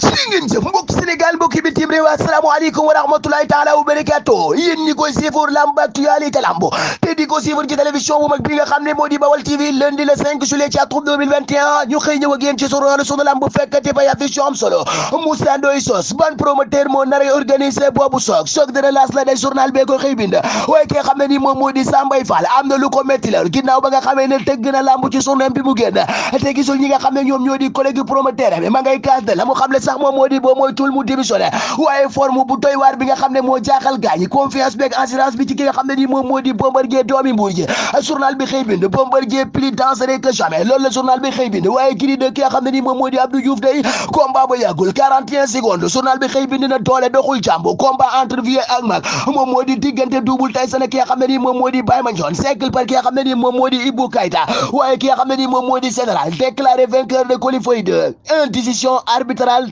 ci ngeen jëf mbokk Sénégal mbokki bitim réew asalaamaaleykum wa rahmatulahi taala wa barakaatu yéen ñi ko siifur lamb actualité lamb te di ko siifur ci télévision bu mag bi nga xam ne moo di Bawal TV lundi le 5 juillet ci atum 2021 ñu xëy ñëw ak yéen ci sunu sunu lamb fekkati bay affiche yu am solo Moussa Ndoye Sos ban a xam ne ni moom moo di Sambay am na lu ko métti la ginnaaw ba nga ne tëgg na lamb ci journée bi mu ñi nga xam ne ñoom ñoo di collègue promoteur bi ma sax moom moo di boo mooy tul mu démissionné waaye forme bu doy waar bi nga xam ne moo jaaxal gaañi confiance beeg assurance bi ki nga xam ne nii moom moo di Bombardier doomi Mbuur ji journal bi xëy bind Bombardier plus dangereux que jamais loolu la journal bi xëy bind waaye kii di ki xam ne nii moom moo di day combat ba yàggul 41 secondes journal bi xëy bind na doole doxul jàmb combat entre vieux ak mag moom diggante double Tyson ki nga xam ne nii moom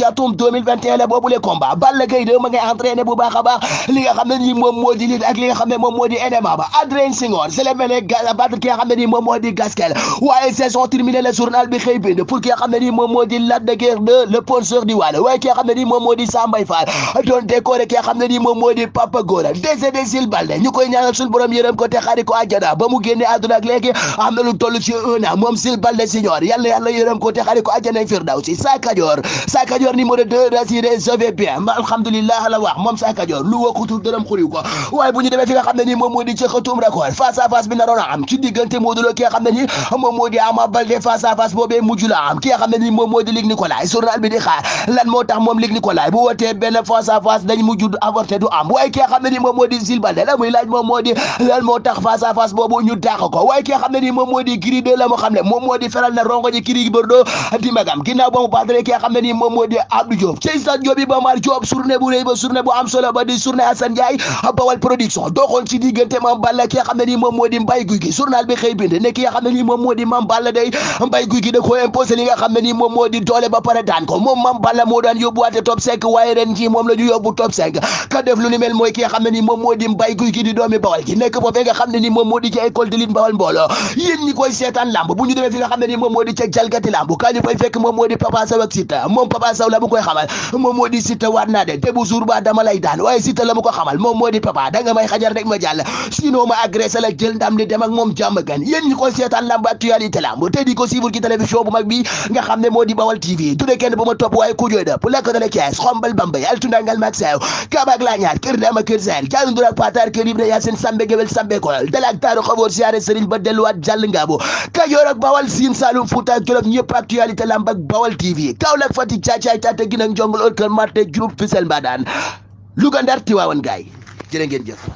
ci atum 2021 la boobu le combat Balla Gaye de ma ngay entraîné bu baax a baax li nga xam ne nii moom moo di lit ak li nga xam ne moom moo di MMA ba Adrien Senghor sélémene battre xam ne nii moom moo Gaskel waaye saison terminée le journal bi xëy bind pour ki xam ne nii moom moo di de Guiers 2 le penseur di Waalo waaye ki xam ne nii moom moo Sambay Fall doon décoré ki nga xam ne nii moom moo di Papa Sil Balde ñu ñaanal suñu borom yërëm ko te xaari Kajoor numéro 2 rassuré je vais bien ma alhamdulilah la wax moom Sa Kajoor lu wakkutul dërëm xuriw ko waaye bu ñu demee fi xam ne nii moom moo di ci la moo xam ne moom moo di Jules Baldé la muy laaj moom moo di ki na rongo ji Gris Bordeaux ki xam ne nii moom moo Abdou Diouf ci Issa Diop bi ba mar Diop journée bu rëy ba journée bu am solo ba di journée Assane Ndiaye Bawal production doxoon ci di Mbaye Gouy Gui ki nga xam ne nii moom moo di Mame Balla day Mbaye Gouy Gui da xam ne nii moom moo di ba pare daan ko moom Mame Balla moo daan yóbbuwaate top 5 waaye ren jii moom la ñu yóbbu top 5 ka def lu ni mel mooy ki nga xam ne nii moom moo di Mbaye Gouy Gui di doomi Bawal koy seetaan lamb bu ñu demee fi nga xam ne nii moom saw la bu koy xamal moom moo di Siteu waat naa de te bu jour ba dama lay daan waaye Siteu la mu ko xamal moom moo di papa danga may xajar rek ma jàll sinon ma agressé la jël ndam ni dem moom jàmm gan yéen ñi ko suivre ci télévision bu mag bi nga xam ne moo di Bawal TV tuddee kenn bu ma topp waaye ku jooy dëpp lekk dale Thiès xombal Bambey altundangal maag kër dama kër sel jaanunduraak patar kër ibra yaa seen sambe gewel sambe koyol dalaak taaru xaboor siyaare sëriñ ba delluwaat jàll ngaabo caycaate gi nag njongol ol toon marte jurup fisel mbaadaan Louga Ndar Tiwaawan gaay jërë ngeen jef